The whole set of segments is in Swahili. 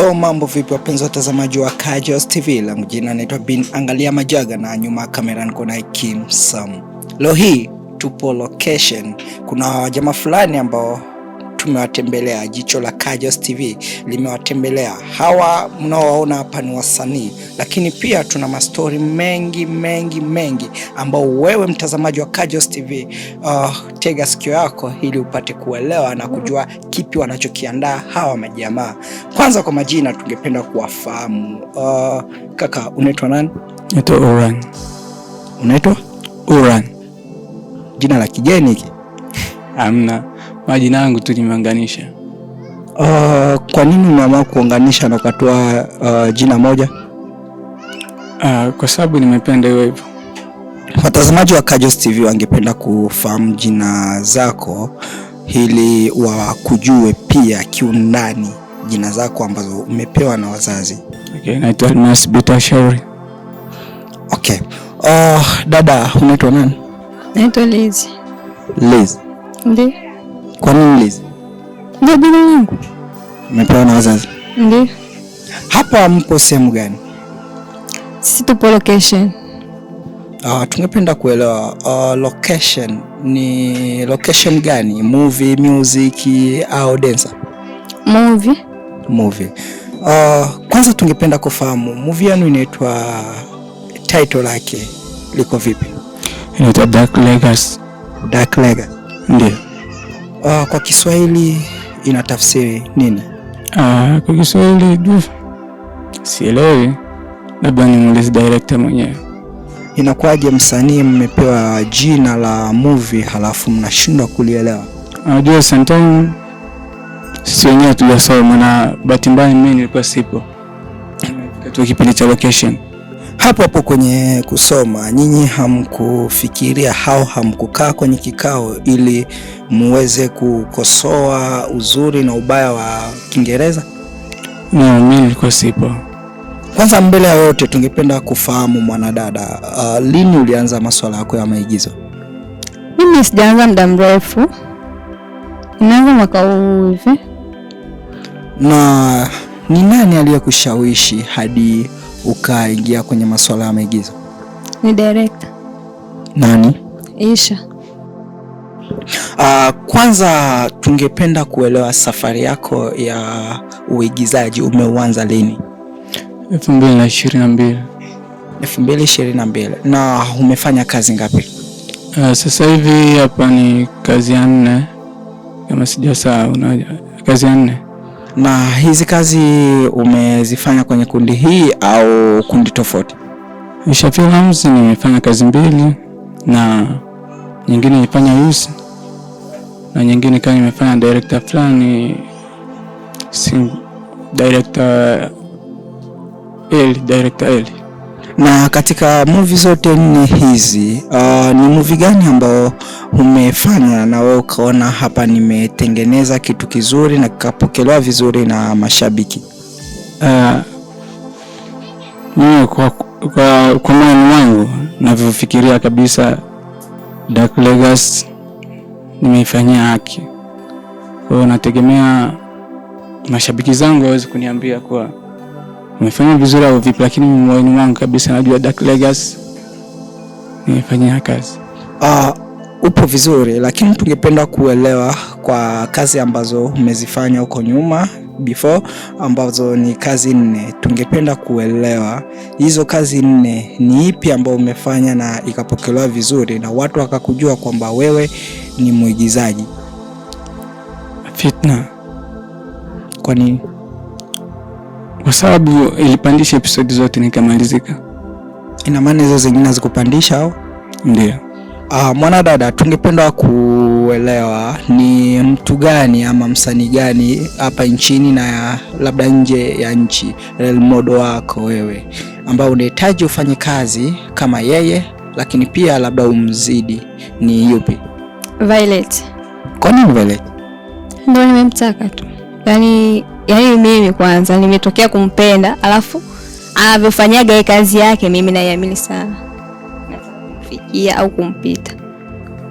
Hello, mambo vipi wapenzi watazamaji wa Kajos TV, langu jina naitwa Bin Angalia Majaga na nyuma ya kamera niko na Kim Sam. Leo hii tupo location, kuna jamaa fulani ambao tumewatembelea, jicho la Kajas TV limewatembelea. Hawa mnaowaona hapa ni wasanii, lakini pia tuna mastori mengi mengi mengi ambao wewe mtazamaji wa Kajos TV uh, ah, tega sikio yako ili upate kuelewa na kujua kipi wanachokiandaa hawa majamaa. Kwanza kwa majina tungependa kuwafahamu. Uh, kaka unaitwa nani? Naitwa Uran. Unaitwa Uran? jina la kigeni hiki amna majina yangu tulimeunganisha. Uh, ah, kwa nini umeamua kuunganisha na ukatoa uh, jina moja? Uh, kwa sababu nimependa hiyo hivyo. Watazamaji wa Kajos TV wangependa kufahamu jina zako ili wakujue pia kiundani jina zako ambazo umepewa na wazazi. Okay, naitwa Almas Bita Shauri. Okay. Oh, dada unaitwa nani? Naitwa Liz. Liz. Ndiyo. Kwa nini mlezi? Ndio jina langu. Umepewa na wazazi? Ndio. Hapa mko sehemu gani? Sisi tupo location. Uh, ah, tungependa kuelewa uh, location ni location gani? Movie, music au dancer? Movie. Movie. Uh, kwanza tungependa kufahamu movie yenu inaitwa title lake liko vipi? Inaitwa Dark Legacy. Dark Legacy. Ndio. Uh, kwa Kiswahili ina tafsiri nini? Uh, kwa Kiswahili sielewi, labda nimuulize director mwenyewe. Inakuwaje msanii mmepewa jina la movie halafu mnashindwa kulielewa? Unajua, uh, sisi wenyewe tujasoma, na bahati mbaya mimi nilikuwa sipo katika kipindi cha location hapo hapo kwenye kusoma, nyinyi hamkufikiria hao, hamkukaa kwenye kikao ili muweze kukosoa uzuri na ubaya wa Kiingereza? No, mimi nilikuwa sipo. Kwanza mbele ya yote, tungependa kufahamu mwanadada, uh, lini ulianza masuala yako ya maigizo? Mimi sijaanza muda mrefu, inaanza mwaka huu hivi. Na ni nani aliyekushawishi hadi ukaingia kwenye masuala ya maigizo? Ni director. Nani? Isha. Uh, kwanza tungependa kuelewa safari yako ya uigizaji umeuanza lini? 2022. 2022. Na umefanya kazi ngapi? Uh, sasa hivi hapa ni kazi ya nne kama sijasahau, kazi ya nne. Na hizi kazi umezifanya kwenye kundi hii au kundi tofauti? Isha Films nimefanya kazi mbili na nyingine nilifanya yusi na nyingine kama nimefanya director fulani director L, director L. Na katika movie zote nne hizi uh, ni movie gani ambao umefanya na wewe ukaona hapa nimetengeneza kitu kizuri na kikapokelewa vizuri na mashabiki? Eh, mimi uh, kwa, kwa, kwa maoni wangu navyofikiria kabisa Dark Legacy nimeifanyia haki. Kwa hiyo nategemea mashabiki zangu waweze kuniambia kuwa umefanya vizuri au vipi, lakini moyoni mwangu kabisa najua Dark Legacy nimefanyia kazi. Uh, upo vizuri, lakini tungependa kuelewa kwa kazi ambazo umezifanya huko nyuma before ambazo ni kazi nne. Tungependa kuelewa hizo kazi nne ni ipi ambayo umefanya na ikapokelewa vizuri na watu wakakujua kwamba wewe ni mwigizaji. Fitna. Kwa nini? kwa sababu ilipandisha episodi zote nikamalizika. Ina maana hizo zingine hazikupandisha au? Ndio. Uh, mwanadada, tungependa kuelewa ni mtu gani ama msanii gani hapa nchini na labda nje ya nchi, role model wako wewe ambao unahitaji ufanye kazi kama yeye, lakini pia labda umzidi, ni yupi? Violet. Kwa nini Violet? Ndio nimemtaka tu yaani yaani mimi kwanza nimetokea kumpenda, alafu anavyofanyaga kazi yake mimi naiamini sana, kumfikia au kumpita.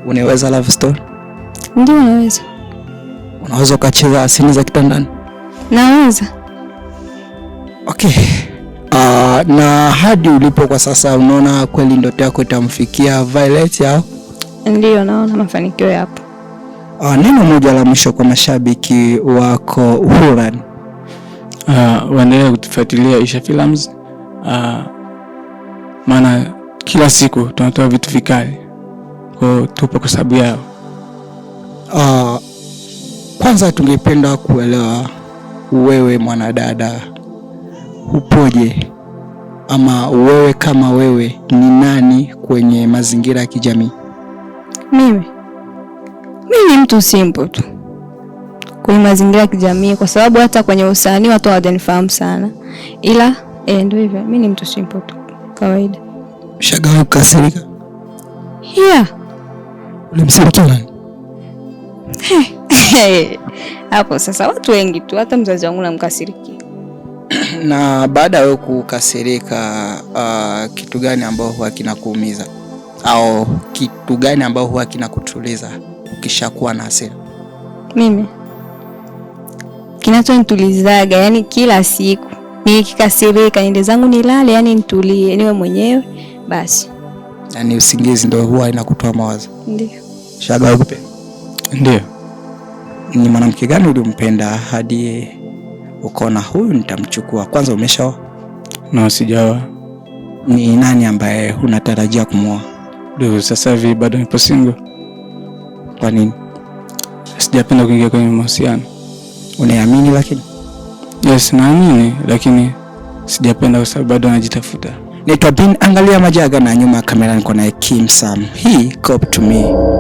Unaweza love story? Ndio, unaweza. Unaweza ukacheza asini za kitandani? Naweza. Okay. Uh, na hadi ulipo kwa sasa unaona kweli ndoto yako itamfikia Violet au? Ndio, naona mafanikio yapo. Uh, neno moja la mwisho kwa mashabiki wako Hurani uh, waendelee kutufuatilia Isha Films uh, maana kila siku tunatoa vitu vikali kwao, tupo kwa sababu yao. Uh, kwanza tungependa kuelewa wewe mwanadada upoje, ama wewe kama wewe ni nani kwenye mazingira ya kijamii? Mimi mimi ni mtu simple tu kwenye mazingira ya kijamii, kwa sababu hata kwenye usanii watu hawajanifahamu sana, ila eh, ndio hivyo, mimi ni mtu simple tu kawaida. Shagawa kukasirika yeah. Ulimsirikia nani? hapo sasa, watu wengi tu, hata mzazi wangu namkasirikia. na baada ya wewe kukasirika, uh, kitu gani ambao huwa kinakuumiza au kitu gani ambao huwa kinakutuliza ukishakuwa na hasira? Mimi kinachonitulizaga yani kila siku nikikasirika niende zangu nilale, yani nitulie niwe mwenyewe basi. Yani usingizi ndio huwa inakutoa mawazo? Ndio. Shaga upe? Ndio. Ni mwanamke gani ulimpenda hadi ukaona huyu nitamchukua? Kwanza umeshaoa? No, sijaoa. Ni nani ambaye unatarajia kumwoa? Ndio, sasa hivi bado nipo single. Kwa nini? Sijapenda kuingia kwenye mahusiano. Unaamini lakini? Yes, naamini lakini sijapenda kwa sababu bado najitafuta. Naitwa Bin, angalia Majaga na nyuma ya kamera niko naye Kim Sam. Hii Cop to Me.